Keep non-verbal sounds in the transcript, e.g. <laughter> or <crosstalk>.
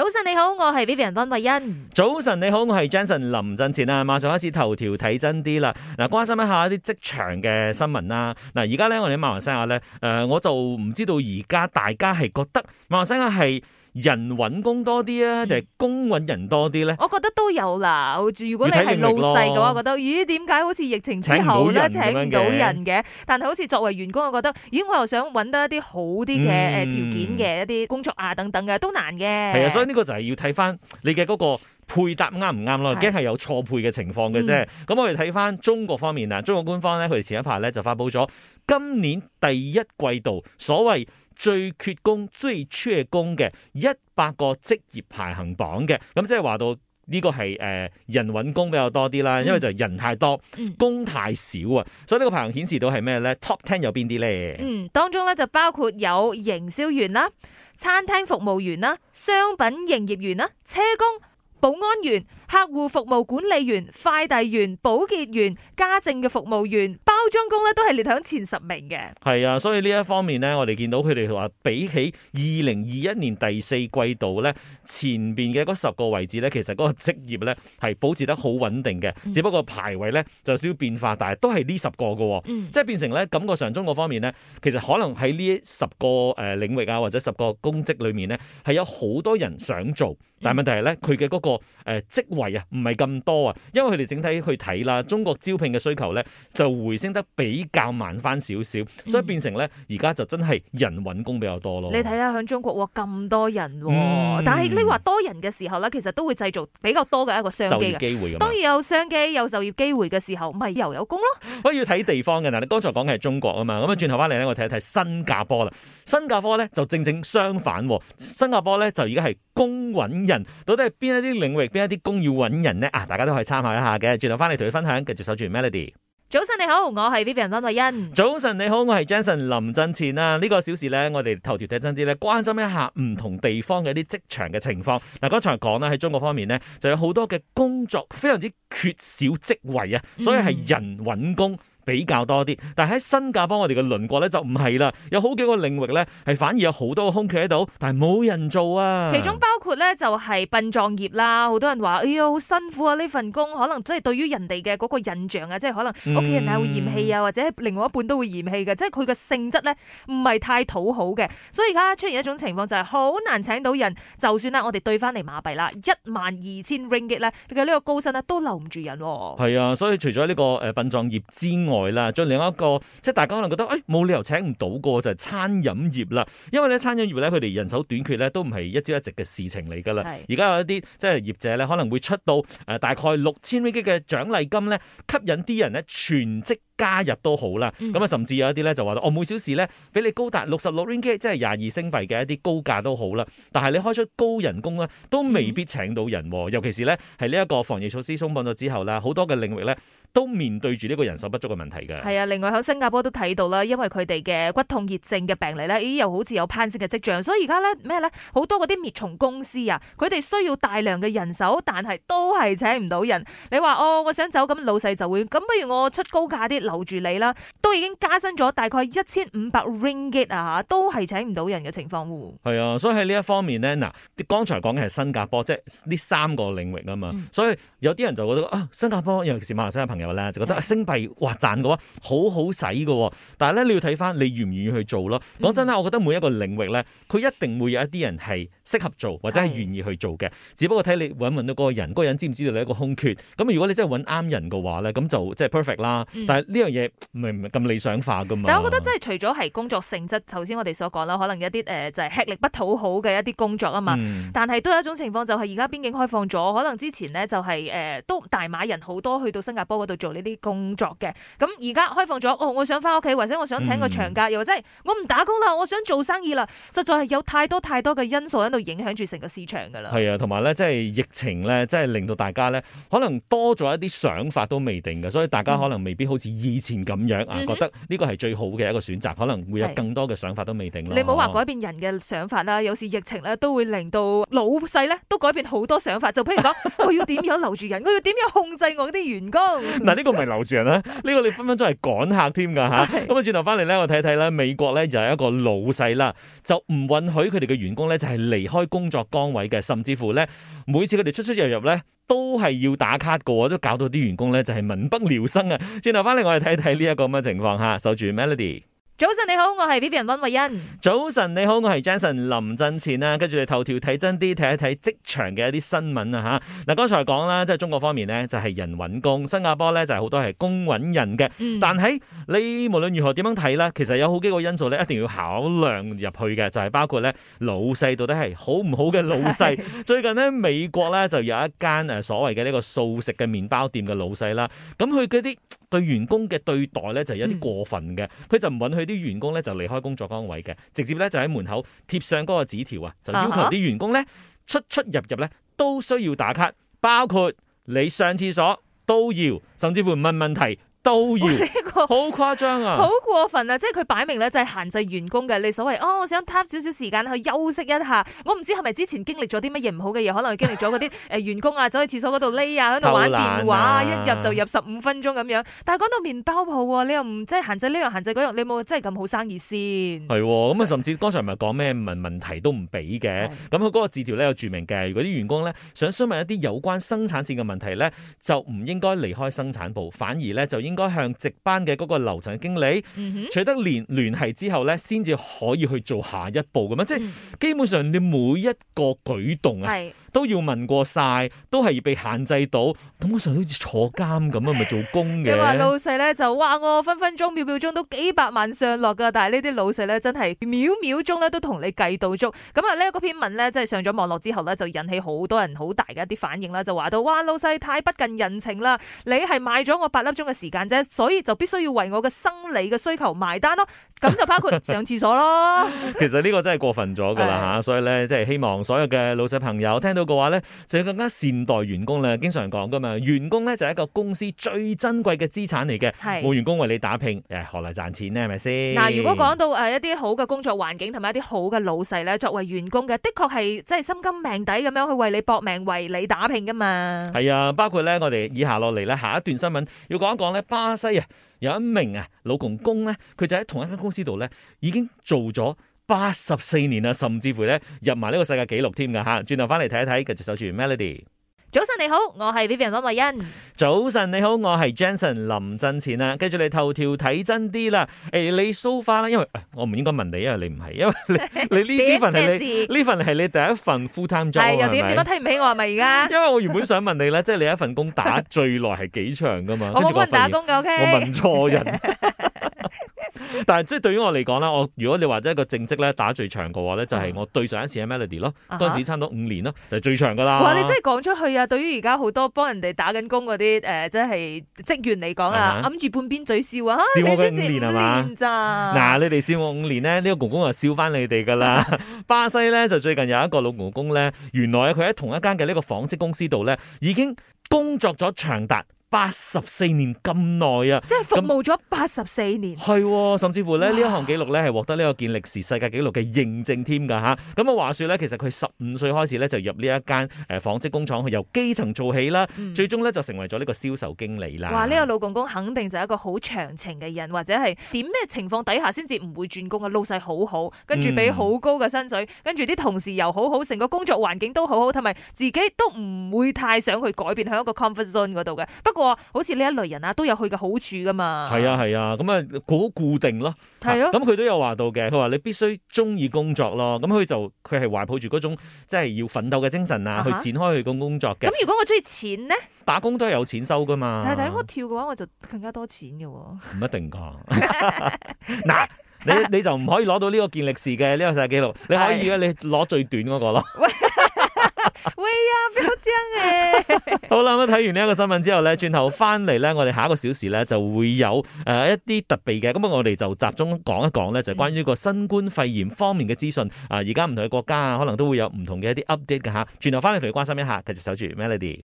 早晨你好，我係 B B 人溫慧欣。早晨你好，我係 Jason 林振前啊，馬上開始頭條睇真啲啦。嗱，關心一下啲職場嘅新聞啦。嗱，而家咧我哋喺馬來西亞咧，誒、呃，我就唔知道而家大家係覺得馬來西亞係。人揾工多啲啊，定係工揾人多啲咧？我覺得都有啦。好似如果你係老細嘅話，我覺得咦？點解好似疫情之後咧，請唔到人嘅？但係好似作為員工，我覺得咦？我又想揾得一啲好啲嘅誒條件嘅一啲工作啊，等等嘅都難嘅。係啊，所以呢個就係要睇翻你嘅嗰個配搭啱唔啱咯，驚係的有錯配嘅情況嘅啫。咁、嗯、我哋睇翻中國方面啊，中國官方咧，佢哋前一排咧就發布咗今年第一季度所謂。最缺工、最缺工嘅一百個職業排行榜嘅，咁即係話到呢個係誒、呃、人揾工比較多啲啦，因為就係人太多，工太少啊，所以呢個排行顯示到係咩呢？Top ten 有邊啲呢？呢嗯，當中咧就包括有營銷員啦、餐廳服務員啦、商品營業員啦、車工、保安員。客戶服務管理員、快遞員、保潔員、家政嘅服務員、包裝工咧，都係列響前十名嘅。係啊，所以呢一方面呢，我哋見到佢哋話，比起二零二一年第四季度呢，前面嘅嗰十個位置呢，其實嗰個職業呢係保持得好穩定嘅。只不過排位呢，就有少少變化，但係都係呢十個嘅。嗯，即係變成呢，感覺上中國方面呢，其實可能喺呢十個誒領域啊，或者十個公職裏面呢，係有好多人想做。但係問題係咧，佢嘅嗰個誒職。啊，唔係咁多啊，因為佢哋整體去睇啦，中國招聘嘅需求咧就回升得比較慢翻少少，所以變成咧而家就真係人揾工比較多咯、嗯。你睇下喺中國哇，咁多人，但係你話多人嘅時候咧，其實都會製造比較多嘅一個商機嘅機會。當然有商機有就業機會嘅時候，唔係又有工咯。不過要睇地方嘅，嗱你剛才講嘅係中國啊嘛，咁啊轉頭翻嚟咧，我睇一睇新加坡啦。新加坡咧就正正相反，新加坡咧就而家係工揾人，到底係邊一啲領域邊一啲工業？要揾人咧啊，大家都可以參考一下嘅。轉頭翻嚟同你分享，繼續守住 Melody。早晨你好，我係 Vivian 温慧欣。早晨你好，我係 Jason 林振前啦。呢、這個小時咧，我哋頭條睇真啲咧，關心一下唔同地方嘅一啲職場嘅情況。嗱、啊，剛才講啦，喺中國方面咧，就有好多嘅工作非常之缺少職位啊，所以係人揾工。嗯比較多啲，但係喺新加坡我哋嘅鄰國咧就唔係啦，有好幾個領域咧係反而有好多空缺喺度，但係冇人做啊。其中包括咧就係殯葬業啦，好多人話：哎唷，好辛苦啊！呢份工可能即係對於人哋嘅嗰個印象啊，即係可能屋企人啊會嫌棄啊，或者另外一半都會嫌棄嘅，即係佢嘅性質咧唔係太討好嘅。所以而家出現一種情況就係、是、好難請到人，就算啦，我哋對翻嚟馬幣啦，一萬二千 Ringgit 咧嘅呢個高薪咧都留唔住人、啊。係啊，所以除咗呢個誒殯葬業之外，啦，再另一個，即係大家可能覺得，誒、哎、冇理由請唔到個就係、是、餐飲業啦，因為咧餐飲業咧佢哋人手短缺咧都唔係一朝一夕嘅事情嚟噶啦。而家是有一啲即係業者咧可能會出到誒、呃、大概六千蚊嘅獎勵金咧，吸引啲人咧全職。加入都好啦，咁啊，甚至有一啲咧就話：我、哦、每小時咧比你高達六十六 ringgit 即係廿二星幣嘅一啲高價都好啦。但係你開出高人工咧，都未必請到人。尤其是咧，係呢一個防疫措施鬆綁咗之後啦，好多嘅領域咧都面對住呢個人手不足嘅問題嘅。係啊，另外喺新加坡都睇到啦，因為佢哋嘅骨痛熱症嘅病例咧，咦，又好似有攀升嘅跡象，所以而家咧咩咧，好多嗰啲滅蟲公司啊，佢哋需要大量嘅人手，但係都係請唔到人。你話哦，我想走，咁老細就會咁，不如我出高價啲。留住你啦，都已經加薪咗大概一千五百 ringgit 啊，都係請唔到人嘅情況。係啊，所以喺呢一方面咧，嗱，啲剛才講嘅係新加坡，即係呢三個領域啊嘛。嗯、所以有啲人就覺得啊，新加坡尤其是馬來西亞朋友咧，就覺得星幣哇賺嘅喎，好好使嘅喎。但係咧，你要睇翻你願唔願意去做咯。講、嗯、真啦，我覺得每一個領域咧，佢一定會有一啲人係適合做或者係願意去做嘅。的只不過睇你揾唔到嗰個人，嗰、那個人知唔知道你一個空缺？咁如果你真係揾啱人嘅話咧，咁就即係 perfect 啦。但係但 呢樣嘢唔係唔係咁理想化㗎嘛？但係我覺得即係除咗係工作性質，頭先我哋所講啦，可能一啲誒、呃、就係、是、吃力不討好嘅一啲工作啊嘛。嗯、但係都有一種情況，就係而家邊境開放咗，可能之前呢就係、是、誒、呃、都大馬人好多去到新加坡嗰度做呢啲工作嘅。咁而家開放咗，哦，我想返屋企，或者我想請個長假，又、嗯、或者係我唔打工啦，我想做生意啦。實在係有太多太多嘅因素喺度影響住成個市場㗎啦。係啊，同埋咧，即、就、係、是、疫情咧，即、就、係、是、令到大家咧，可能多咗一啲想法都未定嘅，所以大家可能未必好似。以前咁樣啊，覺得呢個係最好嘅一個選擇，可能會有更多嘅想法都未定啦。你冇話改變人嘅想法啦，有時疫情咧都會令到老細咧都改變好多想法。就譬如講，我要點樣留住人， <laughs> 我要點樣控制我啲員工。嗱，呢個唔係留住人啊，呢、這個你分分鐘係趕客添㗎嚇。咁 <laughs> 啊，轉頭返嚟咧，我睇睇咧美國咧就係一個老細啦，就唔允許佢哋嘅員工咧就係離開工作崗位嘅，甚至乎咧每次佢哋出出入入咧。都係要打卡嘅，都搞到啲員工咧就係民不聊生啊！轉頭翻嚟我哋睇睇呢一個咁嘅情況吓，守住 Melody。早晨你好，我係 B B 人溫慧欣。早晨你好，我係 Jensen 林振前啊，跟住你頭條睇真啲，睇一睇職場嘅一啲新聞啊吓。嗱，剛才講啦，即係中國方面呢，就係人揾工；新加坡咧，就係好多係工揾人嘅。但係你無論如何點樣睇咧，其實有好幾個因素咧，一定要考量入去嘅，就係、是、包括咧老細到底係好唔好嘅老細。 <laughs> 最近咧美國咧就有一間誒所謂嘅呢個素食嘅麵包店嘅老細啦，咁佢嗰啲。對員工嘅對待咧就有啲過分嘅，佢就唔允許啲員工咧就離開工作崗位嘅，直接咧就喺門口貼上嗰個紙條啊，就要求啲員工咧出出入入咧都需要打卡，包括你上廁所都要，甚至乎問問題。都完，哦呢個、好誇張啊！好過分啊！即係佢擺明咧就係限制員工嘅。你所謂哦，我想攤少少時間去休息一下，我唔知係咪之前經歷咗啲乜嘢唔好嘅嘢，可能經歷咗嗰啲誒員工啊 <laughs> 走去廁所嗰度匿 a 啊，喺度玩電話，啊、一入就入十五分鐘咁樣。但係講到麵包鋪，你又唔即係限制呢樣限制嗰樣，你冇真係咁好生意先？係咁啊！甚至剛才唔係講咩問問題都唔俾嘅。咁佢嗰個字條咧有註明嘅，如果啲員工咧想詢問一啲有關生產線嘅問題咧，就唔應該離開生產部，反而咧就應該向值班嘅嗰個樓層經理取得聯聯繫之後咧，先至可以去做下一步咁樣，即係基本上你每一個舉動啊。都要問過晒，都係要被限制到。咁我上候好似坐監咁啊，咪做工嘅？你話 <laughs> 老細咧就哇，我分分鐘秒秒鐘都幾百萬上落噶。但係呢啲老細咧真係秒秒鐘咧都同你計到足。咁啊，呢個篇文咧真係上咗網絡之後咧就引起好多人好大嘅一啲反應啦。就話到哇，老細太不近人情啦！你係買咗我八粒鐘嘅時間啫，所以就必須要為我嘅生理嘅需求埋單咯。咁就包括上廁所咯。 <laughs> 其實呢個真係過分咗噶啦嚇， <laughs> <laughs> 所以咧即係希望所有嘅老細朋友聽到嘅話咧，就更加善待員工啦。經常講噶嘛，員工咧就係一個公司最珍貴嘅資產嚟嘅。冇是員工為你打拼，誒，何來賺錢咧？係咪先？嗱，如果講到誒一啲好嘅工作環境，同埋一啲好嘅老細咧，作為員工嘅，的確係真係心甘命底咁樣去為你搏命、為你打拼噶嘛。係啊，包括咧，我哋以下落嚟咧，下一段新聞要講一講咧，巴西啊，有一名啊老公公咧，佢就喺同一間公司度咧，已經做咗。八十四年啊，甚至乎咧入埋呢個世界紀錄添噶吓。轉頭翻嚟睇一睇，繼續守住 Melody。早晨你好，我係 Vivian 方慧欣。早晨你好，我係 Jenson 林振前啊。繼續你頭條睇真啲啦。誒、欸，你 so far 啦，因為、欸、我唔應該問你，因為你唔係，因為你你呢 <laughs> 份係你呢份係你第一份 full time job 係咪？點點解睇唔起我啊？咪而家？因為我原本想問你咧，即係 <laughs> 你一份工打最耐係幾長噶嘛？ <laughs> 我冇份打工嘅，okay？我問錯人。 <laughs> <laughs> 但係即係對於我嚟講啦，我如果你話一個正職咧打最長嘅話咧，就係、是、我對上一次 Melody 咯，嗰陣時差唔多五年咯，uh huh. 就係最長噶啦。哇，你真係講出去啊！對於而家好多幫人哋打緊工嗰啲誒，即係職員嚟講啊，揞住、uh huh. 半邊嘴笑啊，笑我五年係嘛？嗱，你哋笑我五年咧，呢個公公就笑翻你哋噶啦！Uh huh. 巴西咧就最近有一個老公公咧，原來佢喺同一間嘅呢個紡織公司度咧，已經工作咗長達。八十四年咁耐啊！即係服務咗八十四年，係甚至乎咧呢一項紀錄咧係獲得呢個健力士世界紀錄嘅認證添噶吓。咁啊，話說咧，其實佢十五歲開始咧就入呢一間誒紡織工廠，去由基層做起啦，最終咧就成為咗呢個銷售經理啦。哇！呢個老公公肯定就係一個好長情嘅人，或者係點咩情況底下先至唔會轉工嘅？老細好好，跟住俾好高嘅薪水，跟住啲同事又好好，成個工作環境都好好，同埋自己都唔會太想去改變喺一個 comfort zone 嗰度嘅。不好似呢一類人啊，都有佢嘅好處噶嘛。係啊係啊，咁啊好固定咯。係咯，啊，咁佢，啊、都有話到嘅。佢話你必須中意工作咯。咁佢就佢係懷抱住嗰種即係要奮鬥嘅精神啊，去展開佢個工作嘅。咁，啊、如果我中意錢呢，打工都係有錢收噶嘛。但係如果我跳嘅話，我就更加多錢嘅。唔一定噶。嗱， <laughs> <laughs> 你你就唔可以攞到呢個健力士嘅呢個世界紀錄。哎，你可以啊，你攞最短嗰個咯。 <laughs> 喂啊，表將 <laughs> 好啦，咁睇完呢一個新聞之後咧，轉頭翻嚟咧，我哋下一個小時咧就會有誒一啲特別嘅，咁啊我哋就集中講一講咧，就關於個新冠肺炎方面嘅資訊。啊，而家唔同嘅國家啊，可能都會有唔同嘅一啲 update 嘅吓。轉頭翻嚟同你關心一下，繼續守住 Melody。